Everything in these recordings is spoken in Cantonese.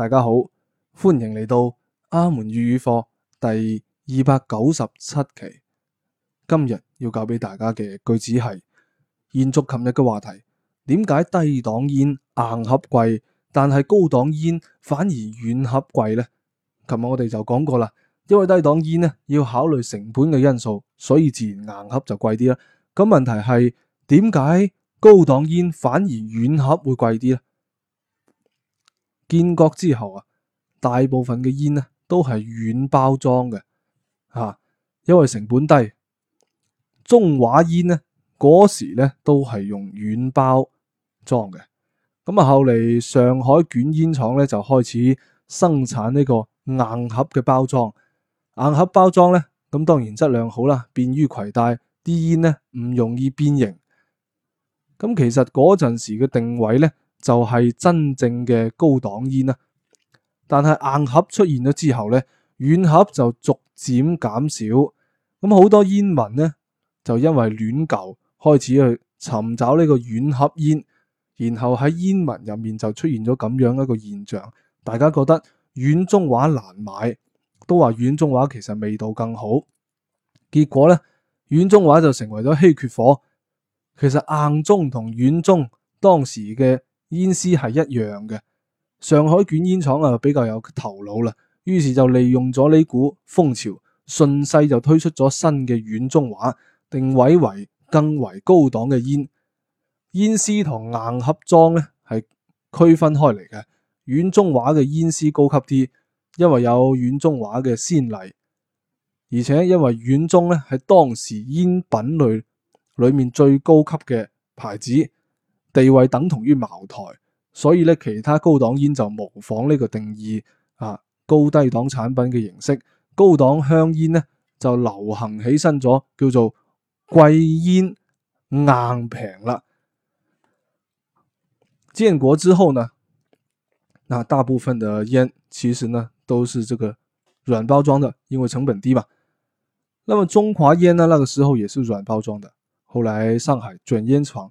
大家好，歡迎嚟到阿門粵語課第二百九十七期。今日要教俾大家嘅句子係延續琴日嘅話題，點解低檔煙硬盒貴，但係高檔煙反而軟盒貴呢？琴日我哋就講過啦，因為低檔煙呢，要考慮成本嘅因素，所以自然硬盒就貴啲啦。咁問題係點解高檔煙反而軟盒會貴啲呢？建國之後啊，大部分嘅煙呢都係軟包裝嘅，吓、啊，因為成本低。中華煙呢嗰時呢都係用軟包裝嘅，咁啊後嚟上海卷煙廠呢就開始生產呢個硬盒嘅包裝，硬盒包裝呢，咁當然質量好啦，便於攜帶，啲煙呢唔容易變形。咁其實嗰陣時嘅定位呢？就係真正嘅高檔煙啦、啊，但係硬盒出現咗之後咧，軟盒就逐漸減少。咁好多煙民呢，就因為戀舊，開始去尋找呢個軟盒煙，然後喺煙民入面就出現咗咁樣一個現象。大家覺得軟中華難買，都話軟中華其實味道更好。結果咧，軟中華就成為咗稀缺貨。其實硬中同軟中當時嘅煙絲係一樣嘅，上海捲煙廠啊，比較有頭腦啦，於是就利用咗呢股風潮，順勢就推出咗新嘅軟中華，定位為更為高檔嘅煙。煙絲同硬盒裝呢係區分開嚟嘅，軟中華嘅煙絲高級啲，因為有軟中華嘅先例，而且因為軟中呢係當時煙品類裡面最高級嘅牌子。地位等同於茅台，所以咧，其他高檔煙就模仿呢個定義啊，高低檔產品嘅形式，高檔香煙呢就流行起身咗，叫做貴煙硬平啦。建國之後呢，那大部分嘅煙其實呢都是這個軟包裝的，因為成本低嘛。那麼中華煙呢，那個時候也是軟包裝的，後來上海捲煙廠，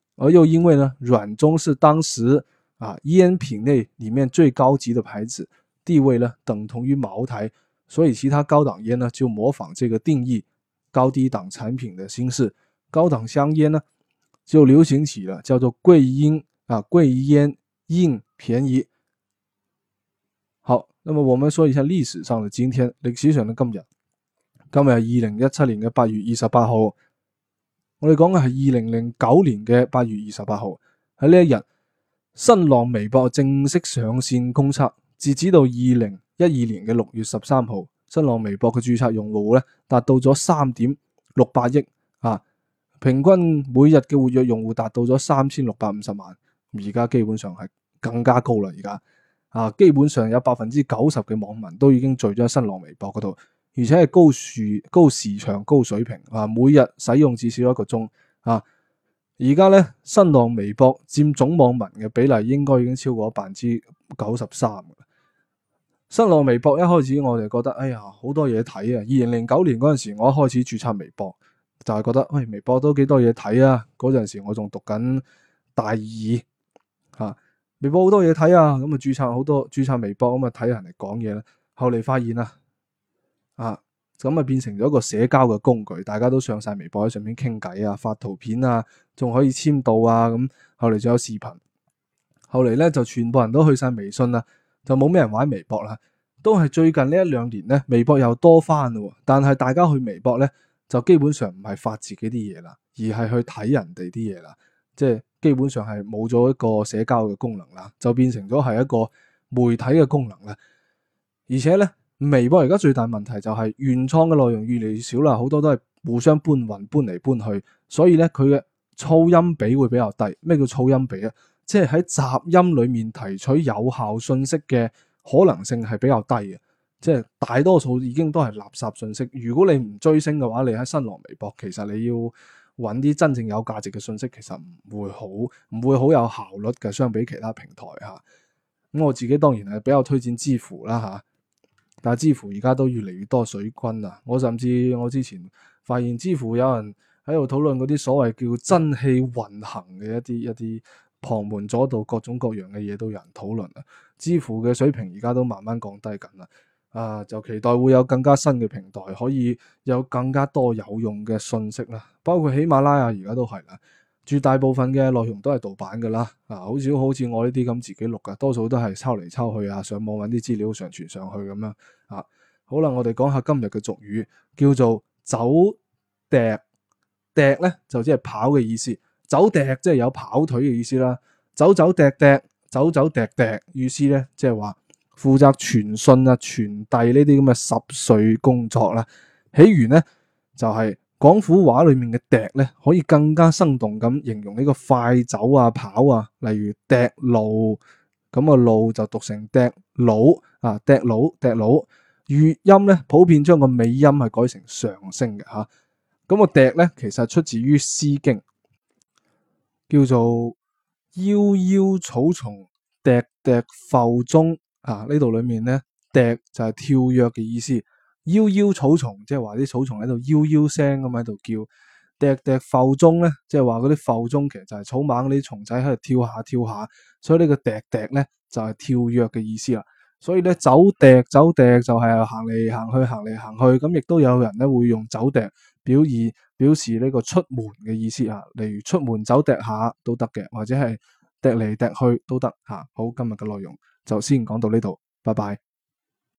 而又因為呢，軟中是當時啊煙品類裏面最高級的牌子，地位呢等同於茅台，所以其他高檔煙呢就模仿這個定義，高低檔產品的形式，高檔香煙呢就流行起了，叫做貴煙啊，貴煙硬便宜。好，那麼我們說一下歷史上的今天，嚟先選擇今日，今日二零一七年嘅八月二十八號。我哋講嘅係二零零九年嘅八月二十八號，喺呢一日新浪微博正式上線公測，截止到二零一二年嘅六月十三號，新浪微博嘅注冊用戶咧達到咗三點六八億啊，平均每日嘅活躍用戶達到咗三千六百五十萬，而家基本上係更加高啦，而家啊，基本上有百分之九十嘅網民都已經聚咗新浪微博嗰度。而且係高時高時長、高水平啊！每日使用至少一個鐘啊！而家咧，新浪微博佔總網民嘅比例應該已經超過百分之九十三。新浪微博一開始我就覺得，哎呀，好多嘢睇啊！二零零九年嗰陣時，我一開始注冊微博，就係、是、覺得，喂、哎，微博都幾多嘢睇啊！嗰陣時我仲讀緊大二，吓、啊，微博好多嘢睇啊！咁啊，注冊好多注冊微博，咁啊，睇人哋講嘢啦。後嚟發現啊～啊，咁啊變成咗一個社交嘅工具，大家都上晒微博喺上面傾偈啊，發圖片啊，仲可以簽到啊，咁後嚟仲有視頻。後嚟咧就全部人都去晒微信啦，就冇咩人玩微博啦。都係最近呢一兩年咧，微博又多翻咯，但係大家去微博咧就基本上唔係發自己啲嘢啦，而係去睇人哋啲嘢啦，即係基本上係冇咗一個社交嘅功能啦，就變成咗係一個媒體嘅功能啦，而且咧。微博而家最大問題就係原創嘅內容越嚟越少啦，好多都係互相搬運，搬嚟搬去，所以咧佢嘅噪音比會比較低。咩叫噪音比啊？即係喺雜音裡面提取有效信息嘅可能性係比較低嘅，即係大多數已經都係垃圾信息。如果你唔追星嘅話，你喺新浪微博其實你要揾啲真正有價值嘅信息，其實唔會好，唔會好有效率嘅，相比其他平台嚇。咁我自己當然係比較推薦知乎啦嚇。啊但係知乎而家都越嚟越多水軍啦，我甚至我之前發現知乎有人喺度討論嗰啲所謂叫真氣運行嘅一啲一啲旁門左道各種各樣嘅嘢都有人討論啦。知乎嘅水平而家都慢慢降低緊啦，啊就期待會有更加新嘅平台可以有更加多有用嘅信息啦，包括喜馬拉雅而家都係啦。住大部分嘅內容都係盜版噶啦，好好抄抄，啊，好少好似我呢啲咁自己錄噶，多數都係抄嚟抄去啊，上網揾啲資料上傳上去咁樣啊。好啦，我哋講下今日嘅俗語，叫做走趯趯咧，就即係跑嘅意思。走趯即係有跑腿嘅意思啦。走走趯趯，走走趯趯，意思咧即係話負責傳信啊、傳遞呢啲咁嘅濕碎工作啦。起源咧就係、是。廣府話裏面嘅趯咧，可以更加生動咁形容呢個快走啊、跑啊，例如趯路，咁啊路就讀成趯佬，啊，趯佬、趯佬。粵音咧，普遍將個尾音係改成上聲嘅吓。咁、啊這個趯咧，其實出自於《詩經》，叫做夭夭草叢，趯趯阜螽。啊，呢度裏面咧，趯就係跳躍嘅意思。「妖妖草叢，即係話啲草叢喺度妖妖聲咁喺度叫，趯趯浮鐘咧，即係話嗰啲浮鐘其實就係草蜢嗰啲蟲仔喺度跳下跳下，所以呢個趯趯呢」咧就係、是、跳躍嘅意思啦。所以咧走趯、走趯，就係行嚟行去，行嚟行去，咁亦都有人咧會用走趯表」表意表示呢個出門嘅意思啊。例如出門走趯」下都得嘅，或者係趯嚟趯去都得吓、啊。好，今日嘅內容就先講到呢度，拜拜。